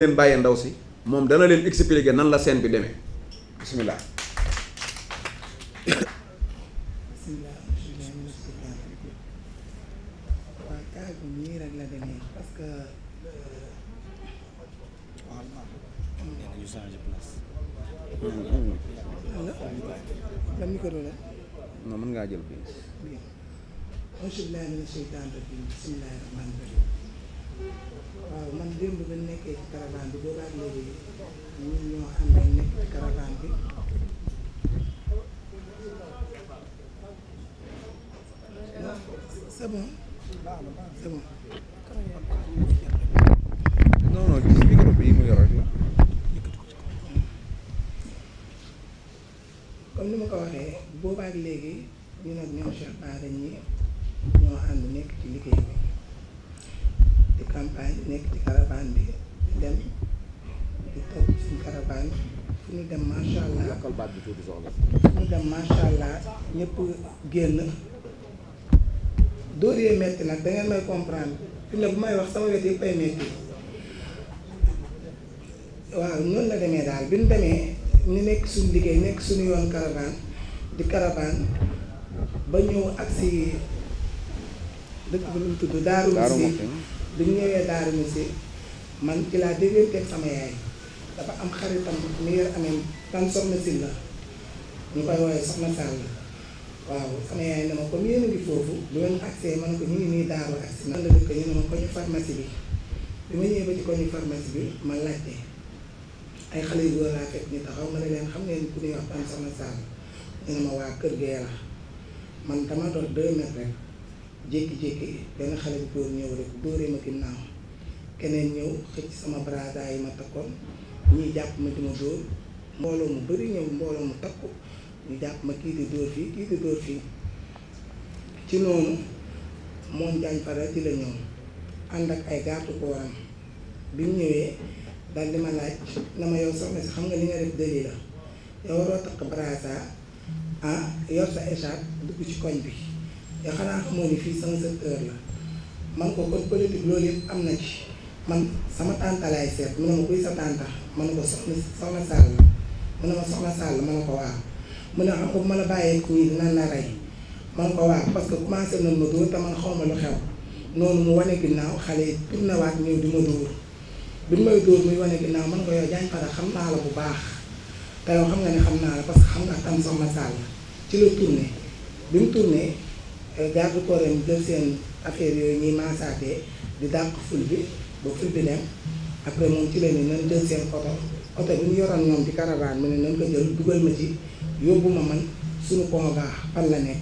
leen ndaw si moom dana leen expliquer nan la scène bi demee bismillah waaw cas bi nii que dañu changé ngaa jël bi waaw man démb ba nekkee ci caravane bi boobaag léegi ñun ñoo ànd ak nekk ci caravane bi c'est bon c'est bon alxuraan fu dem macha allah fu ñu dem macha allah ñëpp génn dóor yee metti nag da ngeen may comprendre fi ne bu may wax sama wet yëpp ay metti waaw noonu la demee daal bi ñu demee ñu nekk suñ liggéey nekk suñu yoon caravane di caravane ba ñëw ak si dëkk bi nu mu tudd Darou Moussi bi ñu ñëwee Darou Moussi man ci laa dégganteeg sama yaay. dafa am xaritam mi ngi amee tan soxna Sylla ñu koy woowee soxna Sall waaw sama ko ñu nii la dëkk ñu ne ma koñu pharmacie bi bi ma ñëwee ba ci koñu pharmacie bi ma laajte ay xale yu góor laa fekk ñu taxaw ma ne leen xam ngeen ku ñuy wax tan soxna ne ma waa kër gee man dama dox deux mètres rek jékki-jékki benn xale bu góor ñëw rek dóoree ma ginnaaw keneen ñëw xëcc sama brada yi ma takkoon ñii jàpp ma di ma dóor mbooloo mu bari ñëw mbooloo mu takku ñu jàpp ma kii di dóor fii kii di dóor fii ci noonu moom jaañ fara ci la ñëw ànd ak ay garde corps bi mu ñëwee daal di ma laaj na ma yow soxna si xam nga li nga def dëli la yow waroo takk brada ah yor sa écharpe dugg ci koñ bi yow xanaa xamoo ni fii sama secteur la man ko kon politique loolu yëpp am na ci man sama tànta laay seet mu ne ma kuy sa tànta ma ne ko soxna soxna Sall mu ne ma soxna Sall ma na ko waaw mu ne xam nga bu ma la bàyyee kuy nan la rey ma ko waaw parce que commencé nañ ma dóor xaw ma lu xew noonu mu wane ginnaaw xale yi tourné waat ñëw di ma dóor bi may dóor muy wane ginnaaw man ko yow jaañ fara xam naa la bu baax te yow xam nga ne xam naa la parce que xam nga tam soxna Sall ci la tourné bi mu tourné eh, garde corps yi jël seen affaire yooyu ñuy maasaatee di dàq ful bi. ko fuddi dem après moom ci la ni nan jël seen oto oto bi ñu yoroon ñoom di caravane mu ne nan ko jël dugal ma ci yóbbu ma man suñu convent fan la ne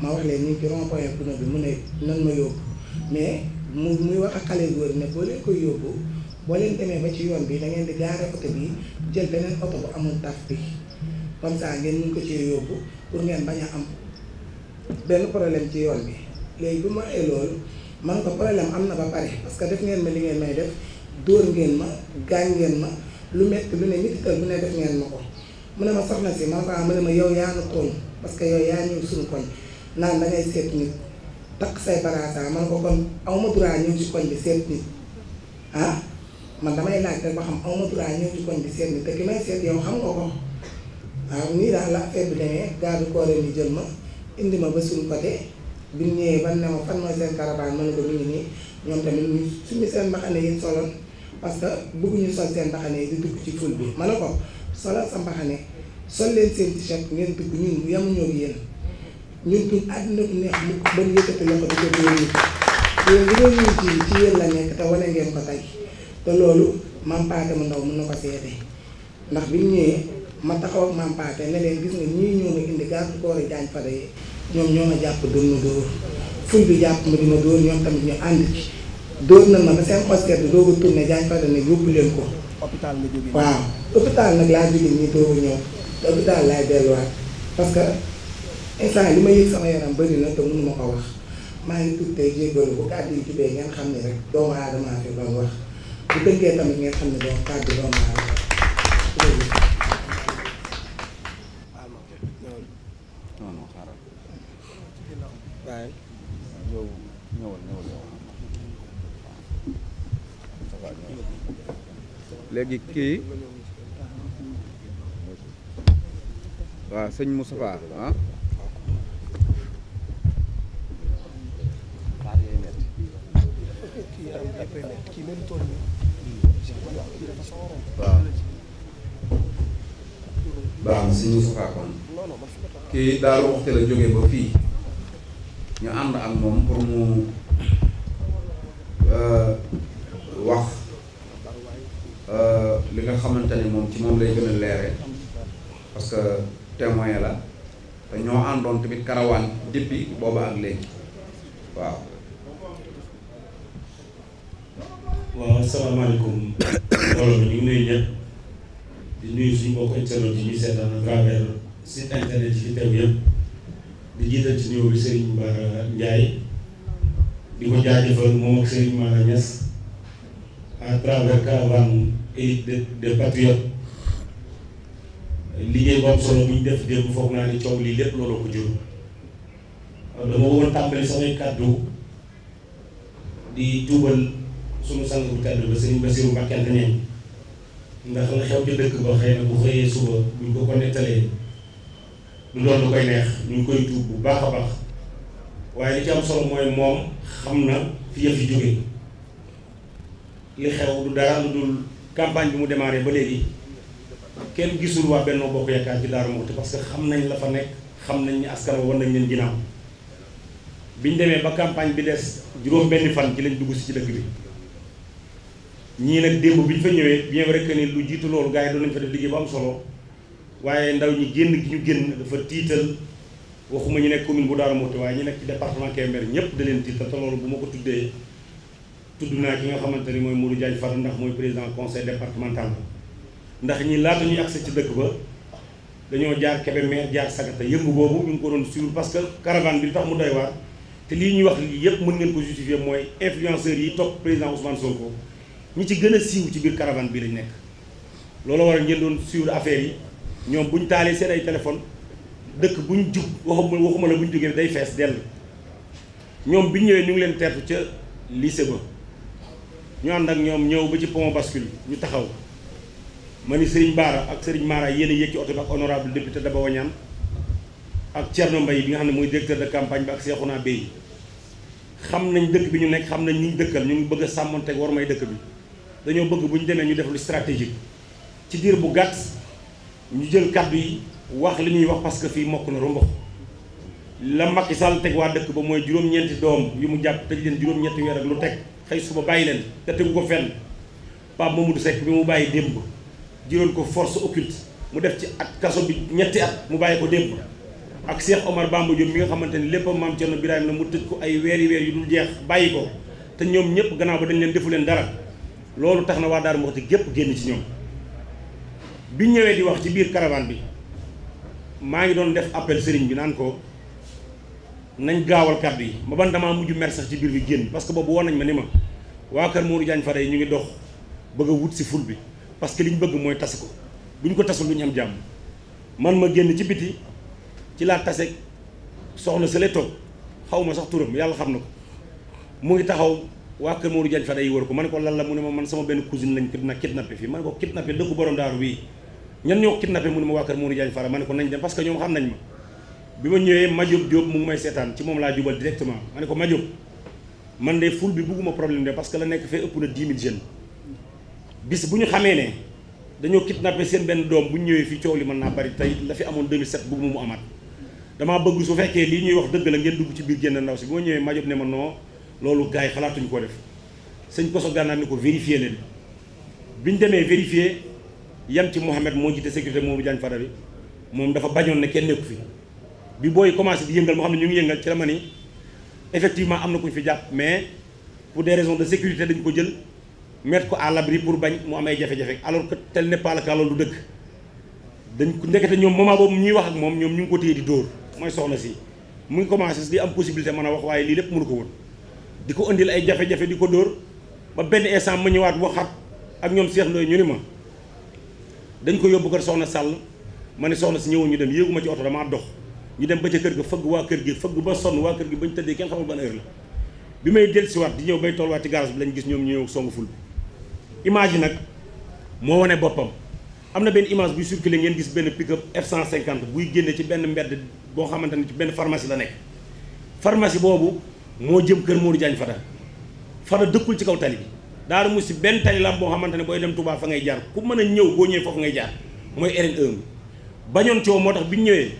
ma wax leen ñu ci rond point bi mu ne nan ma yóbbu mais mu muy wax xale góor ne boo leen koy yóbbu boo leen demee ba ci yoon bi da ngeen di gaare oto bi jël beneen oto bu amul taf bi comme ça ngeen mun ko ci yóbbu pour ngeen bañ a am benn problème ci yoon bi léegi bu ma waxee loolu man ko problème am na ba pare parce que def ngeen ma li ngeen may def dóor ngeen ma gaañ ngeen ma lu metti lu ne nit bu ne def ngeen ma ko mu ne ma soxna si man ko ah mu ma yow yaa nu tooñ parce que yow yaa ñëw suñu koñ naan da seet nit takk say baraasa ah, man ko kon aw ma droit ñëw ci koñ bi seet nit ah, man damay laaj rek ba xam aw ma droit ñëw koñ bi seet nit te ki may seet yow xam nga ko waaw ah, nii daal la affaire bi demee garde corps jël ma indi ma ba suñu côté. bi ñu ñëwee ban ne ma fan mooy seen caravane ma ne ko mi ngi nii ñoom tamit ñu suñu parce que bëgguñu sol seen mbaxane yi bi ma ne ko solal sa mbaxane sol leen seen t-shirt ngeen dugg ñun yemuñoo ak la nekk te wane ngeen te loolu maam Paate mu ndax bi ma taxaw ak maam Paate gis nga ñii ñoo ma indi garde yi ñoom ñoo ma jàpp doon ma dóor fuñ bi jàpp ma di ma dóor ñoom tamit ñu ànd ci na ma ba seen osket bi dooga tourné jaañ fa ne yóbbu leen ko hôpital nga jógee waaw hôpital nag laa jógee nii dooga ñëw te hôpital laay delluwaat parce que instant li ma yëg sama yaram bëri na te mënu ma ko maa ngi tudd tey jéggalu bu kàddu yi jubee ngeen xam ne rek doomu aadama fi doon wax bu dënkee tamit ngeen xam ne doo kàddu doomu aadama léegi kii waaw sëñ Moustapha ah waaw baax na sëñ Moustapha kon kii daal waxte jóge ba fii ñu ànd ak moom pour mu lay gën a leere parce que témoin la te ñoo àndoon tamit karawaan depuis booba ak léegi waaw. waaw asalaamaaleykum mbooloo mi ñu ngi nuyu ñëpp di nuyu suñu mbokk internet yi ñuy seetaan à travers site internet yi fi teew yëpp di jiital ci nuyoo bi Serigne Bara Ndiaye di ko jaajëfal moom ak Serigne Mara Niass à travers caravane élite de patriotes liggéey bu am solo bi ñu def démb foog naa ni coow lii lépp looloo ko jur dama bëggoon tàmbali samay kàddu di jubal sunu sang bu tedd ba sëriñ Basiru Mbàkke Anta Ñaŋ ndax la xew ci dëkk ba xëy na bu xëyee suba buñ ko ko nettalee du doon lu koy neex ñu ngi koy tuub bu baax a baax waaye li ci am solo mooy moom xam na fi yëf jóge li xew du dara lu dul campagne bi mu démarré ba léegi kenn gisul waa benn Benno Bokk Yaakaar ci Darou Mouhty parce que xam nañ la fa nekk xam nañ ni askan wa nañ leen ginnaaw biñ demee ba campagne bi des juróom benn fan lañ dugg si ci dëkk bi ñii nag démb bi ñu fa ñëwee bien vrai que ni lu jiitu loolu gars yi doon nañ fa def liggéey bu am solo waaye ndaw ñi génn gi ñu génn dafa tiital waxuma ñu nekk commune bu Darou Mouhty waaye ñu nekk ci département Kébémer ñëpp da leen tiital te loolu bu ma ko tuddee tudd naa ki nga xamante ni mooy Modou Diagne Fada ndax mooy président conseil départemental ndax ñi laata ñuy accès ci dëkk ba dañoo jaar Kébémer jaar Sagata yëngu boobu ñu ngi ko doon suivre parce que caravane bi tax mu doy waar te lii ñuy wax lii yëpp mën ngeen ko justifier mooy influenceurs yi topp président Ousmane Sonko ñi ci gën a siiw ci biir caravane bii lañu nekk. loolu war ngeen doon suivre affaire yi ñoom bu taalee seen ay téléphone dëkk bu ñu jug waxuma waxuma la bu ñu day fees dell ñoom bi ñëwee ñu ngi leen tertu ca lycée ba ñu ànd ak ñoom ñëw ba ci pont bascule ñu taxaw. ma ni Serigne Bara ak Serigne Mara yéen a yéeg ci oto bi ak honorable député Daba Wañaan ak Thierno Mbaye bi nga xam ne mooy directeur de campagne bi ak Cheikhouna Bey xam nañ dëkk ñu nekk xam nañ ñu ñu dëkkal ñu ngi bëgg a sàmmonteeg war may dëkk bi dañoo bëgg bu ñu demee ñu def lu stratégique ci diir bu gàtt ñu jël kàddu yi wax li ñuy wax parce que fii mokk na rombox la Macky Sall teg waa dëkk ba mooy juróom-ñeenti doom yi mu jàpp tëj leen juróom-ñetti weer ak lu teg xëy suba bàyyi leen te tegu ko fenn Pape Mamadou Seck bi mu bàyyi démb jëloon ko force occulte mu def ci ak kaso bi ñetti at mu bàyyi ko démb ak Cheikh Omar Bamba Diop mi nga xamante ni lépp maam Thierno Birahim la mu tëj ko ay weeri weer yu dul jeex bàyyi ko te ñoom ñëpp gannaaw ba dañ leen defu leen dara loolu tax na waa Darou Mouhty gépp génn ci ñoom bi ñëwee di wax ci biir caravane bi maa ngi doon def appel sëriñ bi naan ko nañ gaawal kàddu yi ma ban damaa mujj mer sax ci biir bi génn parce que boobu woon nañ ma ni ma waa kër Mourou Diagne Fada yi ñu ngi dox bëgg a wut si ful bi parce que li ñu bëgg mooy tas ko bu ñu ko tasul lu am jàmm man ma génn ci biti ci laa tase soxna sa le toog xaw ma sax turam yàlla xam na ko mu ngi taxaw waa kër Modou Diagne Fada yi ma ne ko nañ dem parce que ñoom xam nañ ma bi ma ñëwee Madiop Diop mu ngi may seetaan ci moom laa jubal directement ma ne ko Madiop man de ful bi bugguma problème de parce que la nekk fee ëpp na 10 000 bis bu ñu xamee ne dañoo kidnappé seen benn doom bu ñu ñëwee fii coow li man naa bari tey la fi amoon 2007 bëgg mu amaat damaa bëgg su fekkee lii ñuy wax dëgg la ngeen dugg ci biir génn ndaw si bu ma ñëwee Madiop ne ma noo loolu gars yi xalaatuñu ko def sëñ Koso gànnaar ni ko vérifier leen bi ñu demee vérifier yam ci Mouhamed moo jiite sécurité moomu Diagne Fada bi moom dafa bañoon ne kenn nekku fi bi booy commencé di yëngal moo xam ne ñu yëngal ci la am na ku fi jàpp mais pour des raisons de sécurité dañu ko jël. mettre ko à l'abri pour bañ mu am ay jafe-jafe alors que tel n'est pas le cas loolu dañ ko ndekete ñoom moment boobu ñuy wax ak moom ñoom ñu ngi ko téye di dóor mooy soxna si mu ngi commencé di am possibilité mën a wax waaye lii lépp mënu ko woon di ko indil ay jafe di ko dóor ba benn instant ma ñëwaat waxaat ak ñoom Cheikh ñu ni ma dañ ko yóbbu kër soxna Sall ma ne soxna si ñëwoon ñu dem yéeguma ci oto damaa dox ñu dem ba ca kër ga fëgg waa kër gi fëgg ba sonn waa kër gi bañ tëddee kenn xamul ban heure la bi may dellusiwaat di ñëw bay tolluwaat ci garage bi lañ gis ñoom ñëw songu ful bi image yi nag moo wane boppam am na benn image buy circulé ngeen gis benn pick-up f cinquante buy génne ci benn mbedd boo xamante ni ci benn pharmacie la nekk pharmacie boobu moo jëm kër Modou Diagne Fada Fada dëkkul ci kaw tali bi daara mu si benn tali lam boo xamante ne booy dem tubaab fa ngay jaar ku mën a ñëw boo ñëwee foofu ngay jaar mooy RN1 bi bañoon coow moo tax bi ñu ñëwee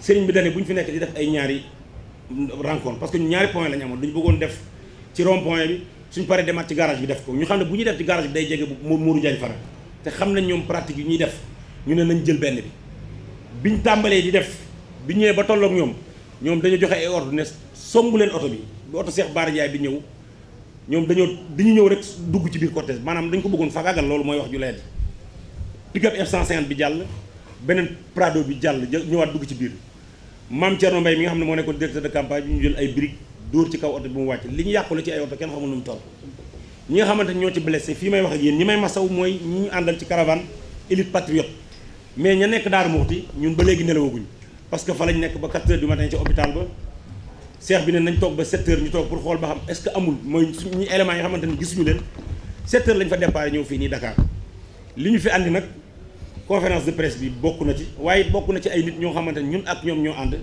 sëriñ bi dane bu ñu fi nekk di def ay ñaari rencontre parce que ñaari point la ñu amoon duñu bëggoon def ci rond bi suñ paree demaat ci garage bi def ko ñu xam ne bu ñuy def ci garage bi day jege bu Mourou Diagne Fada te xam nañ ñoom pratique yi ñuy def ñu ne nañ jël benn bi ñu tàmbalee di def bi ñëwee ba tolloog ñoom ñoom dañoo joxe ay ordre ne somb leen oto bi ba oto seex Bara Ndiaye bi ñëw ñoom dañoo dañu ñëw rek dugg ci biir cortège maanaam dañ ko bëggoon fagaagal loolu mooy wax ju leen pick-up F150 bi jàll beneen Prado bi jàll ñëwaat dugg ci biir maam Thierno Mbaye mi nga xam ne moo nekkoon ñu jël ay briques dóor ci kaw oto bi mu wàcc li ñu yàqule ci ay oto kenn xamul nu mu toll ñi nga xamante ñoo ci blessé fii may wax ak yéen ñi may masaw mooy ñi ñu àndal ci caravane élite patriote mais ña nekk Daaru Muxti ñun ba léegi nelawaguñ parce que fa lañ nekk ba 4 heures du matin ci hôpital ba seex bi ne nañ toog ba 7 heures ñu toog pour xool ba xam est-ce que amul mooy suñu éléments yi xamante ni gisuñu leen 7 heures lañ fa départ ñëw fii nii Dakar li ñu fi àndi nag conférence de presse bokk na ci waaye bokk na ci ay nit ñoo xamante ni ñun ak ñoom ñoo ànd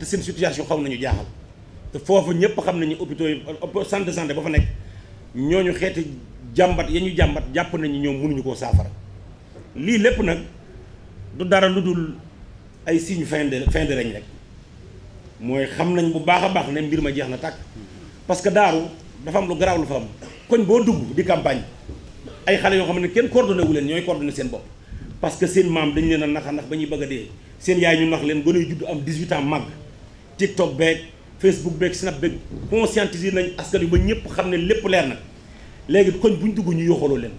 seen situation xaw nañu jaaxal te foofu ñëpp xam nañu hôpitaux yi centre de santé ba fa nekk ñu xeeti jàmbat ya ñu jàmbat jàpp nañu ñoom mënuñu koo saafara lii lépp nag du dara lu dul ay signe fin de fin de règne rek mooy xam nañ bu baax a baax ne mbir ma jeex na tàkk parce que daaru dafa am lu garaaw lu fa am koñ boo dugg di campagne ay xale yoo xam ne kenn coordonné wu leen ñooy coordonné seen bopp parce que seen maam dañu leen a naxa nax ba ñuy bëgg dee seen yaay ñu nax leen gën a judd am 18 ans màgg tiktok beeg. Facebook beeg Snap beeg conscientiser nañ askan wi ba ñëpp xam ne lépp leer na léegi koñ bu ñu dugg ñu yoxaloo leen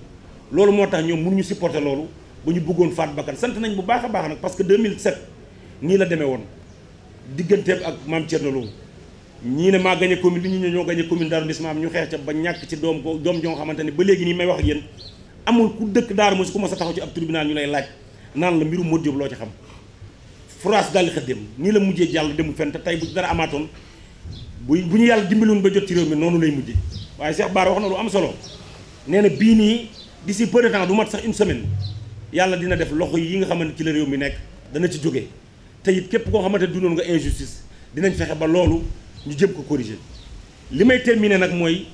loolu moo tax ñoom mënuñu supporter loolu ba ñu bëggoon faat bakkan sant nañ bu baax a baax nag parce que 2007 nii la demee woon digganteem ak maam Thierno Lo ñii ne maa gagné commune bi ñu ñoo gagné commune d'arrondissement am ñu xeex ca ba ñàkk ci doom ko doom joo nga xamante ne ba léegi nii may wax ak yéen amul ku dëkk Darou Mouhty ku mos a taxaw ci ab lay laaj naan la mbiru Modou loo ci xam France daal la mujjee jàll demul fenn te tey bu dara amaatoon bu bu ñu yàlla dimbiloon ba jot ci réew mi noonu lay mujje waaye Cheikh Bara wax na lu am solo nee na bii nii d'ici si de temps du mat sax une semaine yàlla dina def loxo yi nga xamante ci la réew mi nekk dana ci jóge tey it képp koo xamante du noonu nga injustice dinañ fexe ba loolu ñu jëm ko corriger li may terminer nag mooy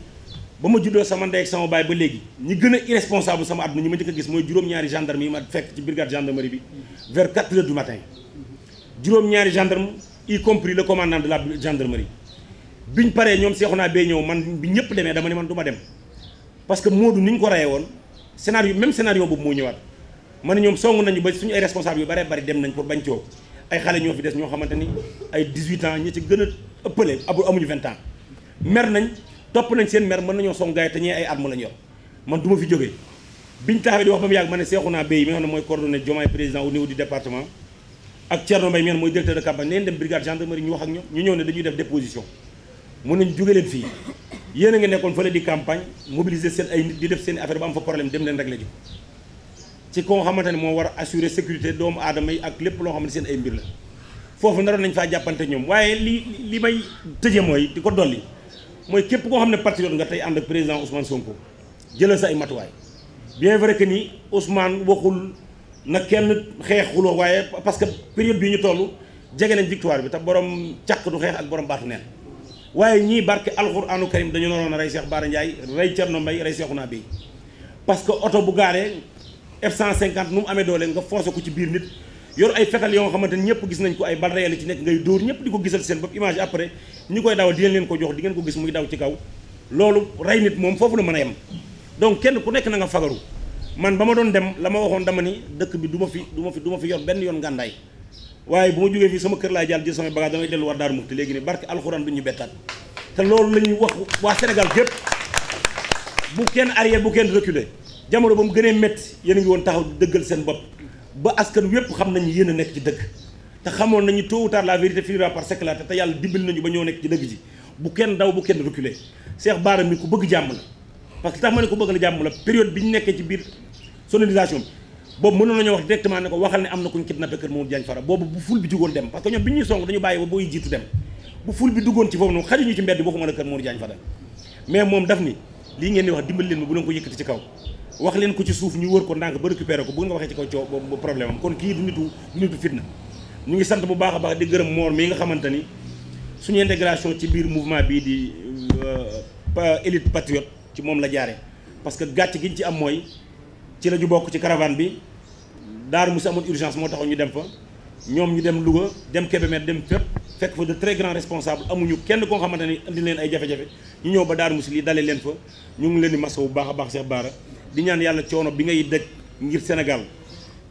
ba ma juddoo sama ndey ak sama baay ba léegi ñi gën a irresponsable sama àdduna ñi ma njëkk a gis mooy juróom-ñaari gendarme yi ma fekk ci brigade gendarmerie bi vers 4 heures du matin juróom-ñaari gendarme y compris commandant de la gendarmerie biñ paree ñoom Seexuna bee ñëw man bi ñëpp demee dama ne man du ma dem parce que Modou ni ñu ko rayee woon scénario même scénario boobu moo ñëwaat ma ne ñoom song nañu ba suñu ay responsable yu bare bari dem nañ pour bañ coow ay des ñoo xamante ni ay 18 ans ñi ci seen mer mën nañoo song gars te ñee ay arme lañ yor man du ma fi jógee biñ taxawee di wax ba mu yàgg ma ne Seexuna Bey mi nga xam ne mooy président au niveau du département ak Thierno Mbaye mooy directeur de campagne nañ dem brigade gendarmerie ñu wax ak ñoom ñu ñëw ne dañuy mun nañu jóge leen fii yéen a nga nekkoon fële di campagne mobiliser seen ay nit di def seen affaire ba am fa problème dem leen rek la ji ci koo xamante ne moo war a sécurité doomu aadama yi ak lépp loo xam ne seen ay mbir la foofu naroon nañ faa jàppante ñoom waaye li li may tëje mooy di ko dolli mooy képp koo xam ne patriote nga tey ànd ak président Ousmane Sonko jëlal sa ay matuwaay bien vrai que ni Ousmane waxul na kenn xeexuloo waaye parce que période bii ñu toll jege nañ victoire bi te borom càq du xeex ak borom waaye ñii barke alxuraanu karim dañu naroon a rey Cheikh Bara Ndiaye rey Thierno Mbaye rey Cheikhouna Bèye parce que oto bu gaaree F150 nu mu amee doole nga forcé ko ci biir nit yor ay fetal yoo nga xamante ni gis nañ ko ay bal réel ci nekk ngay dóor ñëpp di ko gisal seen bopp image après ñi koy daw di leen ko jox di ngeen ko gis muy daw ci kaw loolu rey nit moom foofu la mën a yem donc kenn ku nekk na nga fagaru man ba ma doon dem la ma waxoon dama ni dëkk bi du ma fi du fi du fi yor benn yoon ngàndaay waaye bu ma jógee fii sama kër laa jàll jël samay bagage damay dellu war Daaru Muxti léegi nii barke alxuraan bu ñu bettaat te loolu la wax waa Sénégal gépp bu kenn arrière bu kenn reculer jamono ba mu gënee métti yéen ngi woon taxaw dëggal seen bopp ba askan wépp xam nañu yéen a nekk ci dëgg te xamoon nañu tôt ou tard la vérité finira par s'éclater te yàlla dimbali nañu ba ñoo nekk ci dëgg ji bu kenn daw bu kenn reculer Cheikh Bara mi ku bëgg jàmm parce que tax ma ne ko bëgg la jàmm la bi ñu nekkee ci biir sonorisation bi boobu mënoon nañoo wax directement ne ko waxal ne am na kuñ kidnappé kër Mamadou Diagne Fada boobu bu ful bi jugoon dem parce ñoom bi ñuy song dañu bàyyi ba booy jiitu dem bu ful bi duggoon ci foofu noonu xajuñu ci mbedd waxuma la kër Mamadou Diagne Fada mais moom daf ni lii ngeen di wax dimbali leen ma bu leen ko yëkkati ci kaw wax leen ko ci suuf ñu wër ko ndànk ba récupéré ko bu nga waxee ci kaw coow boobu fitna ñu ngi sant bu baax a baax di gërëm moor mi nga xamante ni suñu intégration biir mouvement bii di euh, élite patriote ci moom la jaare parce que gàcc giñ ci am mooy ci la bokk ci caravane bi mu Musi amoon urgence moo taxoon ñu dem fa ñoom ñu dem Louga dem Kébémer dem fépp fekk fa de très grands responsables amuñu kenn koo xamante ni indi leen ay jafe-jafe ñu ñëw ba Daaru Musi lii dalee leen fa ñu ngi leen di masa bu baax a baax Cheikh Bara di ñaan yàlla coono bi ngay daj ngir Sénégal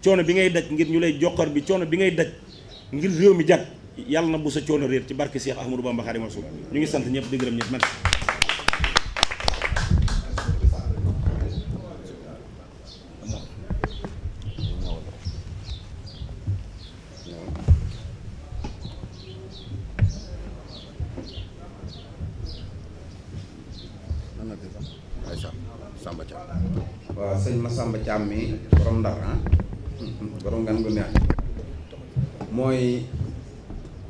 coono bi ngay daj ngir ñu lay jokkar bi coono bi ngay daj ngir réew mi jag yàlla na bu sa coono réer ci barke Cheikh Ahmadou Bamba Khadimu Rasul ñu ngi ñëpp di gërëm ñëpp am mi